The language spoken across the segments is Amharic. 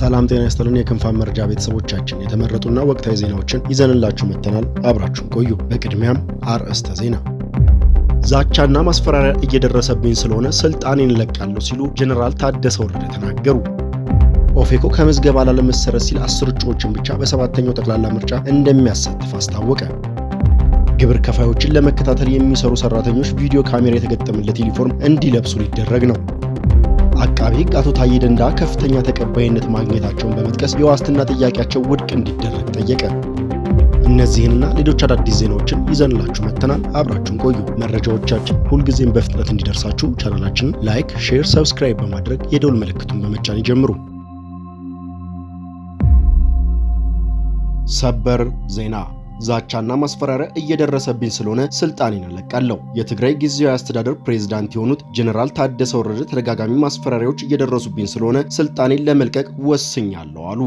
ሰላም ጤና ይስጥልን። የክንፋን መረጃ ቤተሰቦቻችን የተመረጡና ወቅታዊ ዜናዎችን ይዘንላችሁ መጥተናል። አብራችሁን ቆዩ። በቅድሚያም አርዕስተ ዜና። ዛቻና ማስፈራሪያ እየደረሰብኝ ስለሆነ ስልጣኔን እለቃለሁ ሲሉ ጀኔራል ታደሰ ወረደ ተናገሩ። ኦፌኮ ከምዝገባ ላለመሰረት ሲል አስር እጩዎችን ብቻ በሰባተኛው ጠቅላላ ምርጫ እንደሚያሳትፍ አስታወቀ። ግብር ከፋዮችን ለመከታተል የሚሰሩ ሰራተኞች ቪዲዮ ካሜራ የተገጠመለት ዩኒፎርም እንዲለብሱ ሊደረግ ነው። አቃቢ ህግ አቶ ታዬ ደንዳ ከፍተኛ ተቀባይነት ማግኘታቸውን በመጥቀስ የዋስትና ጥያቄያቸው ውድቅ እንዲደረግ ጠየቀ። እነዚህንና ሌሎች አዳዲስ ዜናዎችን ይዘንላችሁ መጥተናል። አብራችሁን ቆዩ። መረጃዎቻችን ሁልጊዜም በፍጥነት እንዲደርሳችሁ ቻናላችንን ላይክ፣ ሼር፣ ሰብስክራይብ በማድረግ የደውል ምልክቱን በመጫን ይጀምሩ። ሰበር ዜና ዛቻና ማስፈራሪያ እየደረሰብኝ ስለሆነ ስልጣኔን እለቃለሁ። የትግራይ ጊዜያዊ አስተዳደር ፕሬዝዳንት የሆኑት ጀኔራል ታደሰ ወረደ ተደጋጋሚ ማስፈራሪያዎች እየደረሱብኝ ስለሆነ ስልጣኔን ለመልቀቅ ወስኛለሁ አሉ።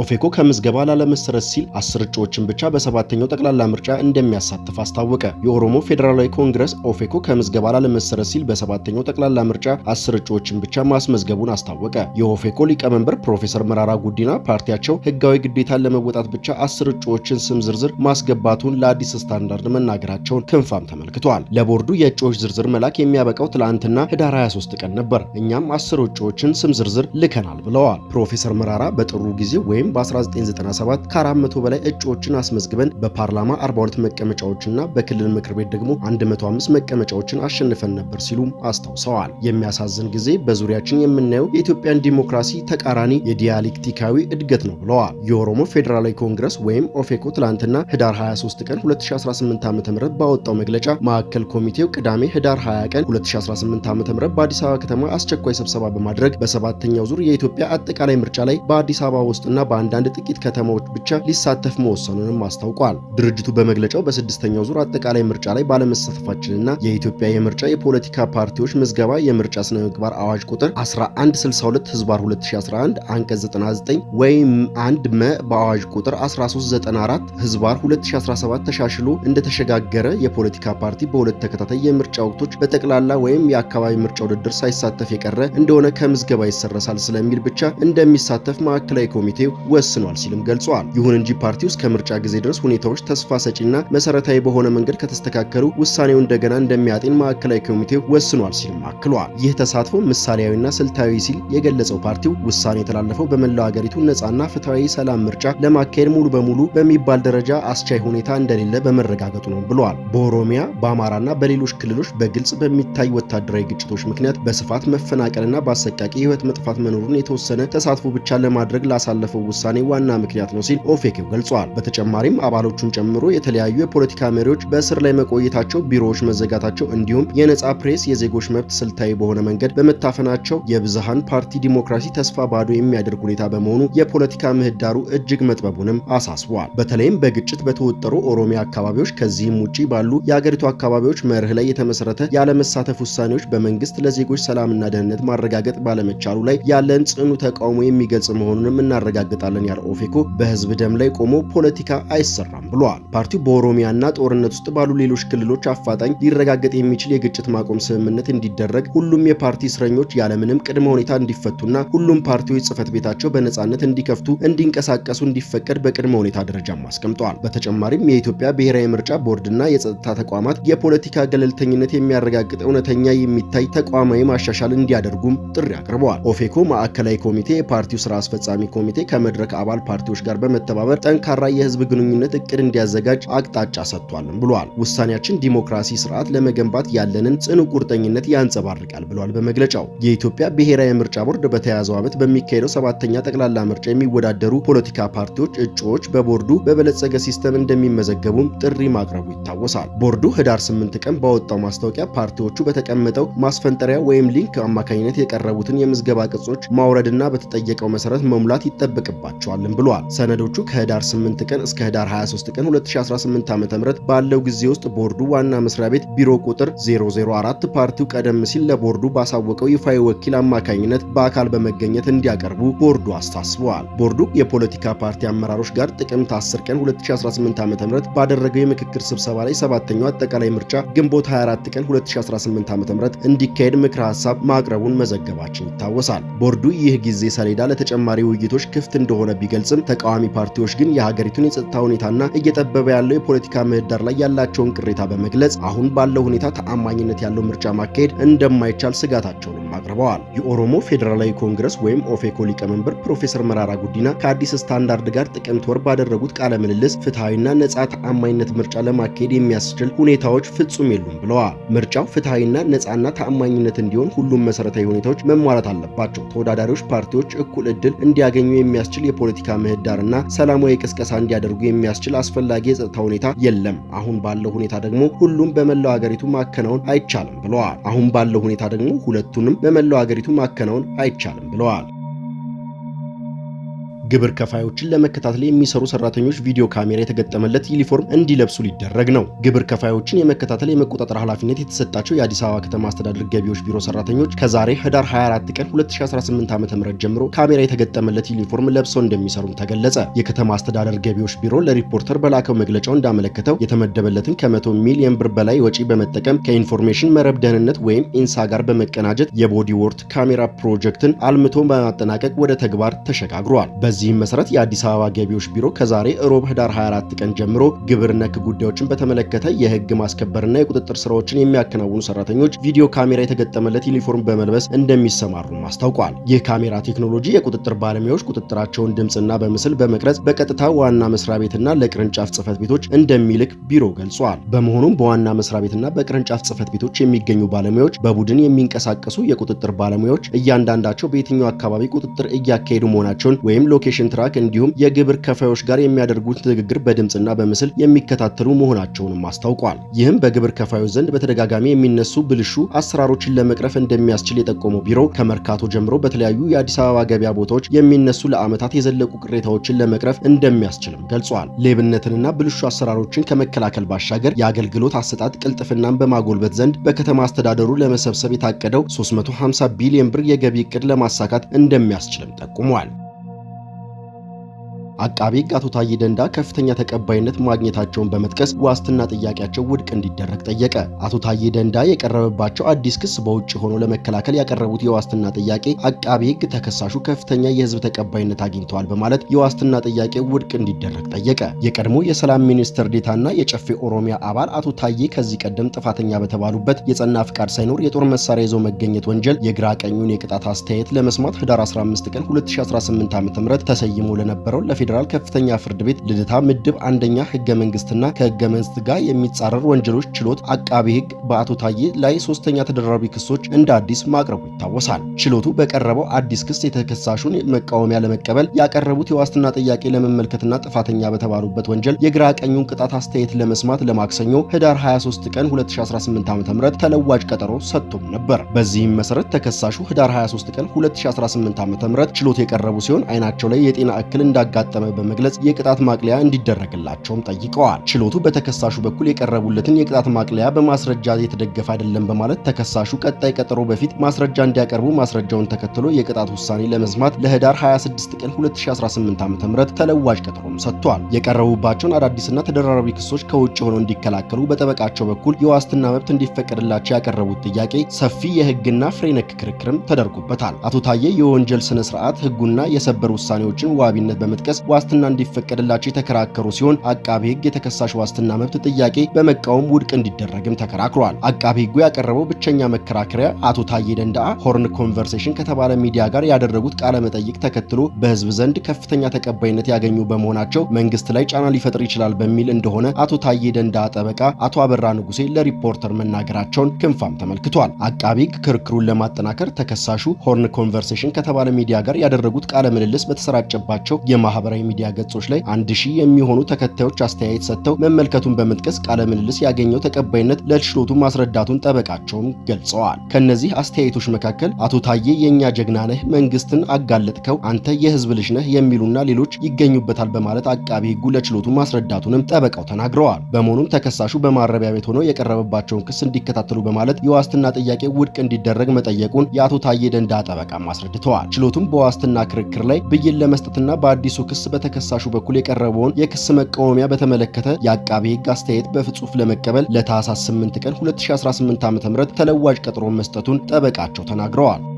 ኦፌኮ ከምዝገባ ላለመሰረዝ ሲል አስር እጩዎችን ብቻ በሰባተኛው ጠቅላላ ምርጫ እንደሚያሳትፍ አስታወቀ። የኦሮሞ ፌዴራላዊ ኮንግረስ ኦፌኮ ከምዝገባ ላለመሰረዝ ሲል በሰባተኛው ጠቅላላ ምርጫ አስር እጩዎችን ብቻ ማስመዝገቡን አስታወቀ። የኦፌኮ ሊቀመንበር ፕሮፌሰር መራራ ጉዲና ፓርቲያቸው ህጋዊ ግዴታን ለመወጣት ብቻ አስር እጩዎችን ስም ዝርዝር ማስገባቱን ለአዲስ ስታንዳርድ መናገራቸውን ክንፋም ተመልክቷል። ለቦርዱ የእጩዎች ዝርዝር መላክ የሚያበቃው ትላንትና ህዳር 23 ቀን ነበር። እኛም አስር እጩዎችን ስም ዝርዝር ልከናል ብለዋል። ፕሮፌሰር መራራ በጥሩ ጊዜ ወይም ወይም በ1997 ከ400 በላይ እጩዎችን አስመዝግበን በፓርላማ 42 መቀመጫዎችና በክልል ምክር ቤት ደግሞ 105 መቀመጫዎችን አሸንፈን ነበር ሲሉም አስታውሰዋል። የሚያሳዝን ጊዜ በዙሪያችን የምናየው የኢትዮጵያን ዲሞክራሲ ተቃራኒ የዲያሌክቲካዊ እድገት ነው ብለዋል። የኦሮሞ ፌዴራላዊ ኮንግረስ ወይም ኦፌኮ ትላንትና ህዳር 23 ቀን 2018 ዓ.ም ባወጣው መግለጫ ማዕከል ኮሚቴው ቅዳሜ ህዳር 20 ቀን 2018 ዓ.ም በአዲስ አበባ ከተማ አስቸኳይ ስብሰባ በማድረግ በሰባተኛው ዙር የኢትዮጵያ አጠቃላይ ምርጫ ላይ በአዲስ አበባ ውስጥና በአንዳንድ ጥቂት ከተማዎች ብቻ ሊሳተፍ መወሰኑንም አስታውቋል። ድርጅቱ በመግለጫው በስድስተኛው ዙር አጠቃላይ ምርጫ ላይ ባለመሳተፋችንና የኢትዮጵያ የምርጫ የፖለቲካ ፓርቲዎች ምዝገባ የምርጫ ስነ ምግባር አዋጅ ቁጥር 1162 ህዝባር 2011 አንቀጽ 99 ወይም አንድ መ በአዋጅ ቁጥር 1394 ህዝባር 2017 ተሻሽሎ እንደተሸጋገረ የፖለቲካ ፓርቲ በሁለት ተከታታይ የምርጫ ወቅቶች በጠቅላላ ወይም የአካባቢ ምርጫ ውድድር ሳይሳተፍ የቀረ እንደሆነ ከምዝገባ ይሰረሳል ስለሚል ብቻ እንደሚሳተፍ ማዕከላዊ ኮሚቴው ወስኗል ሲልም ገልጿል። ይሁን እንጂ ፓርቲው እስከ ምርጫ ጊዜ ድረስ ሁኔታዎች ተስፋ ሰጪና መሰረታዊ በሆነ መንገድ ከተስተካከሉ ውሳኔው እንደገና እንደሚያጤን ማዕከላዊ ኮሚቴው ወስኗል ሲልም አክሏል። ይህ ተሳትፎ ምሳሌያዊና ስልታዊ ሲል የገለጸው ፓርቲው ውሳኔ የተላለፈው በመላው ሀገሪቱ ነጻና ፍትሐዊ ሰላም ምርጫ ለማካሄድ ሙሉ በሙሉ በሚባል ደረጃ አስቻይ ሁኔታ እንደሌለ በመረጋገጡ ነው ብሏል። በኦሮሚያ በአማራና በሌሎች ክልሎች በግልጽ በሚታይ ወታደራዊ ግጭቶች ምክንያት በስፋት መፈናቀልና በአሰቃቂ የህይወት መጥፋት መኖሩን የተወሰነ ተሳትፎ ብቻ ለማድረግ ላሳለፈው ውሳኔ ዋና ምክንያት ነው ሲል ኦፌክው ገልጿል። በተጨማሪም አባሎቹን ጨምሮ የተለያዩ የፖለቲካ መሪዎች በእስር ላይ መቆየታቸው፣ ቢሮዎች መዘጋታቸው እንዲሁም የነጻ ፕሬስ የዜጎች መብት ስልታዊ በሆነ መንገድ በመታፈናቸው የብዝሃን ፓርቲ ዲሞክራሲ ተስፋ ባዶ የሚያደርግ ሁኔታ በመሆኑ የፖለቲካ ምህዳሩ እጅግ መጥበቡንም አሳስቧል። በተለይም በግጭት በተወጠሩ ኦሮሚያ አካባቢዎች ከዚህም ውጪ ባሉ የአገሪቱ አካባቢዎች መርህ ላይ የተመሰረተ ያለመሳተፍ ውሳኔዎች በመንግስት ለዜጎች ሰላምና ደህንነት ማረጋገጥ ባለመቻሉ ላይ ያለን ጽኑ ተቃውሞ የሚገልጽ መሆኑንም እናረጋግጣል እናወጣለን ያለው ኦፌኮ በህዝብ ደም ላይ ቆሞ ፖለቲካ አይሰራም ብሏል። ፓርቲው በኦሮሚያና ጦርነት ውስጥ ባሉ ሌሎች ክልሎች አፋጣኝ ሊረጋገጥ የሚችል የግጭት ማቆም ስምምነት እንዲደረግ ሁሉም የፓርቲ እስረኞች ያለምንም ቅድመ ሁኔታ እንዲፈቱና ሁሉም ፓርቲዎች ጽህፈት ቤታቸው በነጻነት እንዲከፍቱ እንዲንቀሳቀሱ እንዲፈቀድ በቅድመ ሁኔታ ደረጃም አስቀምጠዋል። በተጨማሪም የኢትዮጵያ ብሔራዊ ምርጫ ቦርድና የጸጥታ ተቋማት የፖለቲካ ገለልተኝነት የሚያረጋግጥ እውነተኛ የሚታይ ተቋማዊ ማሻሻል እንዲያደርጉም ጥሪ አቅርበዋል። ኦፌኮ ማዕከላዊ ኮሚቴ፣ የፓርቲው ስራ አስፈጻሚ ኮሚቴ ከ የመድረክ አባል ፓርቲዎች ጋር በመተባበር ጠንካራ የህዝብ ግንኙነት እቅድ እንዲያዘጋጅ አቅጣጫ ሰጥቷልም ብሏል። ውሳኔያችን ዲሞክራሲ ስርዓት ለመገንባት ያለንን ጽኑ ቁርጠኝነት ያንጸባርቃል ብሏል በመግለጫው። የኢትዮጵያ ብሔራዊ ምርጫ ቦርድ በተያዘው ዓመት በሚካሄደው ሰባተኛ ጠቅላላ ምርጫ የሚወዳደሩ ፖለቲካ ፓርቲዎች እጩዎች በቦርዱ በበለጸገ ሲስተም እንደሚመዘገቡም ጥሪ ማቅረቡ ይታወሳል። ቦርዱ ህዳር 8 ቀን ባወጣው ማስታወቂያ ፓርቲዎቹ በተቀመጠው ማስፈንጠሪያ ወይም ሊንክ አማካኝነት የቀረቡትን የምዝገባ ቅጾች ማውረድና በተጠየቀው መሰረት መሙላት ይጠበቅ ይጠበቅባቸዋልም ብሏል። ሰነዶቹ ከህዳር 8 ቀን እስከ ህዳር 23 ቀን 2018 ዓ.ም ባለው ጊዜ ውስጥ ቦርዱ ዋና መስሪያ ቤት ቢሮ ቁጥር 004 ፓርቲው ቀደም ሲል ለቦርዱ ባሳወቀው ይፋዊ ወኪል አማካኝነት በአካል በመገኘት እንዲያቀርቡ ቦርዱ አስታስበዋል። ቦርዱ የፖለቲካ ፓርቲ አመራሮች ጋር ጥቅምት 10 ቀን 2018 ዓ.ም ባደረገው የምክክር ስብሰባ ላይ ሰባተኛው አጠቃላይ ምርጫ ግንቦት 24 ቀን 2018 ዓ.ም እንዲካሄድ ምክረ ሀሳብ ማቅረቡን መዘገባችን ይታወሳል። ቦርዱ ይህ ጊዜ ሰሌዳ ለተጨማሪ ውይይቶች ክፍት እንደሆነ ቢገልጽም ተቃዋሚ ፓርቲዎች ግን የሀገሪቱን የጸጥታ ሁኔታና እየጠበበ ያለው የፖለቲካ ምህዳር ላይ ያላቸውን ቅሬታ በመግለጽ አሁን ባለው ሁኔታ ተአማኝነት ያለው ምርጫ ማካሄድ እንደማይቻል ስጋታቸውንም አቅርበዋል። የኦሮሞ ፌዴራላዊ ኮንግረስ ወይም ኦፌኮ ሊቀመንበር ፕሮፌሰር መራራ ጉዲና ከአዲስ ስታንዳርድ ጋር ጥቅምት ወር ባደረጉት ቃለ ምልልስ ፍትሐዊና ነጻ ተአማኝነት ምርጫ ለማካሄድ የሚያስችል ሁኔታዎች ፍጹም የሉም ብለዋል። ምርጫው ፍትሐዊና ነጻና ተአማኝነት እንዲሆን ሁሉም መሰረታዊ ሁኔታዎች መሟላት አለባቸው። ተወዳዳሪዎች ፓርቲዎች እኩል እድል እንዲያገኙ የሚያስ የሚያስችል የፖለቲካ ምህዳርና ሰላማዊ ቅስቀሳ እንዲያደርጉ የሚያስችል አስፈላጊ የጸጥታ ሁኔታ የለም። አሁን ባለው ሁኔታ ደግሞ ሁሉም በመላው ሀገሪቱ ማከናወን አይቻልም ብለዋል። አሁን ባለው ሁኔታ ደግሞ ሁለቱንም በመላው ሀገሪቱ ማከናወን አይቻልም ብለዋል። ግብር ከፋዮችን ለመከታተል የሚሰሩ ሰራተኞች ቪዲዮ ካሜራ የተገጠመለት ዩኒፎርም እንዲለብሱ ሊደረግ ነው። ግብር ከፋዮችን የመከታተል የመቆጣጠር ኃላፊነት የተሰጣቸው የአዲስ አበባ ከተማ አስተዳደር ገቢዎች ቢሮ ሰራተኞች ከዛሬ ህዳር 24 ቀን 2018 ዓ.ም ጀምሮ ካሜራ የተገጠመለት ዩኒፎርም ለብሰው እንደሚሰሩም ተገለጸ። የከተማ አስተዳደር ገቢዎች ቢሮ ለሪፖርተር በላከው መግለጫው እንዳመለከተው የተመደበለትን ከመቶ ሚሊዮን ብር በላይ ወጪ በመጠቀም ከኢንፎርሜሽን መረብ ደህንነት ወይም ኢንሳ ጋር በመቀናጀት የቦዲ ወርት ካሜራ ፕሮጀክትን አልምቶ በማጠናቀቅ ወደ ተግባር ተሸጋግሯል። በዚህ በዚህም መሰረት የአዲስ አበባ ገቢዎች ቢሮ ከዛሬ ሮብ ህዳር 24 ቀን ጀምሮ ግብር ነክ ጉዳዮችን በተመለከተ የህግ ማስከበርና የቁጥጥር ስራዎችን የሚያከናውኑ ሰራተኞች ቪዲዮ ካሜራ የተገጠመለት ዩኒፎርም በመልበስ እንደሚሰማሩ አስታውቋል። ይህ ካሜራ ቴክኖሎጂ የቁጥጥር ባለሙያዎች ቁጥጥራቸውን ድምፅና በምስል በመቅረጽ በቀጥታ ዋና መስሪያ ቤትና ለቅርንጫፍ ጽህፈት ቤቶች እንደሚልክ ቢሮ ገልጿል። በመሆኑም በዋና መስሪያ ቤትና በቅርንጫፍ ጽህፈት ቤቶች የሚገኙ ባለሙያዎች፣ በቡድን የሚንቀሳቀሱ የቁጥጥር ባለሙያዎች እያንዳንዳቸው በየትኛው አካባቢ ቁጥጥር እያካሄዱ መሆናቸውን ወይም ሎኬ የኮሚኒኬሽን ትራክ እንዲሁም የግብር ከፋዮች ጋር የሚያደርጉት ንግግር በድምፅና በምስል የሚከታተሉ መሆናቸውንም አስታውቋል። ይህም በግብር ከፋዮች ዘንድ በተደጋጋሚ የሚነሱ ብልሹ አሰራሮችን ለመቅረፍ እንደሚያስችል የጠቆመው ቢሮ ከመርካቶ ጀምሮ በተለያዩ የአዲስ አበባ ገበያ ቦታዎች የሚነሱ ለዓመታት የዘለቁ ቅሬታዎችን ለመቅረፍ እንደሚያስችልም ገልጿል። ሌብነትንና ብልሹ አሰራሮችን ከመከላከል ባሻገር የአገልግሎት አሰጣጥ ቅልጥፍናን በማጎልበት ዘንድ በከተማ አስተዳደሩ ለመሰብሰብ የታቀደው 350 ቢሊዮን ብር የገቢ እቅድ ለማሳካት እንደሚያስችልም ጠቁሟል። አቃቤ ሕግ አቶ ታዬ ደንዳ ከፍተኛ ተቀባይነት ማግኘታቸውን በመጥቀስ ዋስትና ጥያቄያቸው ውድቅ እንዲደረግ ጠየቀ። አቶ ታዬ ደንዳ የቀረበባቸው አዲስ ክስ በውጭ ሆኖ ለመከላከል ያቀረቡት የዋስትና ጥያቄ አቃቤ ሕግ ተከሳሹ ከፍተኛ የህዝብ ተቀባይነት አግኝተዋል በማለት የዋስትና ጥያቄ ውድቅ እንዲደረግ ጠየቀ። የቀድሞ የሰላም ሚኒስትር ዴታና የጨፌ ኦሮሚያ አባል አቶ ታዬ ከዚህ ቀደም ጥፋተኛ በተባሉበት የጸና ፍቃድ ሳይኖር የጦር መሳሪያ ይዞ መገኘት ወንጀል የግራ ቀኙን የቅጣት አስተያየት ለመስማት ህዳር 15 ቀን 2018 ም ተሰይሞ ለነበረው ፌዴራል ከፍተኛ ፍርድ ቤት ልደታ ምድብ አንደኛ ህገ መንግስትና ከህገ መንግስት ጋር የሚጻረር ወንጀሎች ችሎት አቃቢ ህግ በአቶ ታዬ ላይ ሶስተኛ ተደራራቢ ክሶች እንደ አዲስ ማቅረቡ ይታወሳል። ችሎቱ በቀረበው አዲስ ክስ የተከሳሹን መቃወሚያ ለመቀበል ያቀረቡት የዋስትና ጥያቄ ለመመልከትና ጥፋተኛ በተባሉበት ወንጀል የግራ ቀኙን ቅጣት አስተያየት ለመስማት ለማክሰኞ ህዳር 23 ቀን 2018 ዓ.ም ተለዋጭ ቀጠሮ ሰጥቶም ነበር። በዚህም መሰረት ተከሳሹ ህዳር 23 ቀን 2018 ዓ.ም ችሎት የቀረቡ ሲሆን አይናቸው ላይ የጤና እክል እንዳጋጠ እንደተፈጸመ በመግለጽ የቅጣት ማቅለያ እንዲደረግላቸውም ጠይቀዋል። ችሎቱ በተከሳሹ በኩል የቀረቡለትን የቅጣት ማቅለያ በማስረጃ የተደገፈ አይደለም በማለት ተከሳሹ ቀጣይ ቀጠሮ በፊት ማስረጃ እንዲያቀርቡ ማስረጃውን ተከትሎ የቅጣት ውሳኔ ለመስማት ለህዳር 26 ቀን 2018 ዓ.ም ተለዋጭ ቀጠሮም ሰጥቷል። የቀረቡባቸውን አዳዲስና ተደራራቢ ክሶች ከውጭ ሆነው እንዲከላከሉ በጠበቃቸው በኩል የዋስትና መብት እንዲፈቀድላቸው ያቀረቡት ጥያቄ ሰፊ የህግና ፍሬነክ ክርክርም ተደርጎበታል። አቶ ታዬ የወንጀል ስነ ስርዓት ህጉና የሰበር ውሳኔዎችን ዋቢነት በመጥቀስ ዋስትና እንዲፈቀድላቸው የተከራከሩ ሲሆን አቃቤ ሕግ የተከሳሽ ዋስትና መብት ጥያቄ በመቃወም ውድቅ እንዲደረግም ተከራክሯል። አቃቤ ሕጉ ያቀረበው ብቸኛ መከራከሪያ አቶ ታዬ ደንዳአ ሆርን ኮንቨርሴሽን ከተባለ ሚዲያ ጋር ያደረጉት ቃለ መጠይቅ ተከትሎ በህዝብ ዘንድ ከፍተኛ ተቀባይነት ያገኙ በመሆናቸው መንግስት ላይ ጫና ሊፈጥር ይችላል በሚል እንደሆነ አቶ ታዬ ደንዳአ ጠበቃ አቶ አበራ ንጉሴ ለሪፖርተር መናገራቸውን ክንፋም ተመልክቷል። አቃቤ ሕግ ክርክሩን ለማጠናከር ተከሳሹ ሆርን ኮንቨርሴሽን ከተባለ ሚዲያ ጋር ያደረጉት ቃለ ምልልስ በተሰራጨባቸው የማህበራ ማህበራዊ ሚዲያ ገጾች ላይ አንድ ሺህ የሚሆኑ ተከታዮች አስተያየት ሰጥተው መመልከቱን በመጥቀስ ቃለ ምልልስ ያገኘው ተቀባይነት ለችሎቱ ማስረዳቱን ጠበቃቸውም ገልጸዋል። ከእነዚህ አስተያየቶች መካከል አቶ ታዬ የእኛ ጀግና ነህ፣ መንግስትን አጋለጥከው፣ አንተ የህዝብ ልጅ ነህ የሚሉና ሌሎች ይገኙበታል በማለት አቃቢ ህጉ ለችሎቱ ማስረዳቱንም ጠበቃው ተናግረዋል። በመሆኑም ተከሳሹ በማረቢያ ቤት ሆነው የቀረበባቸውን ክስ እንዲከታተሉ በማለት የዋስትና ጥያቄ ውድቅ እንዲደረግ መጠየቁን የአቶ ታዬ ደንዳ ጠበቃም አስረድተዋል። ችሎቱም በዋስትና ክርክር ላይ ብይን ለመስጠትና በአዲሱ ክስ በተከሳሹ በኩል የቀረበውን የክስ መቃወሚያ በተመለከተ የአቃቤ ሕግ አስተያየት በጽሑፍ ለመቀበል ለታህሳስ 8 ቀን 2018 ዓ.ም ተለዋጭ ቀጠሮ መስጠቱን ጠበቃቸው ተናግረዋል።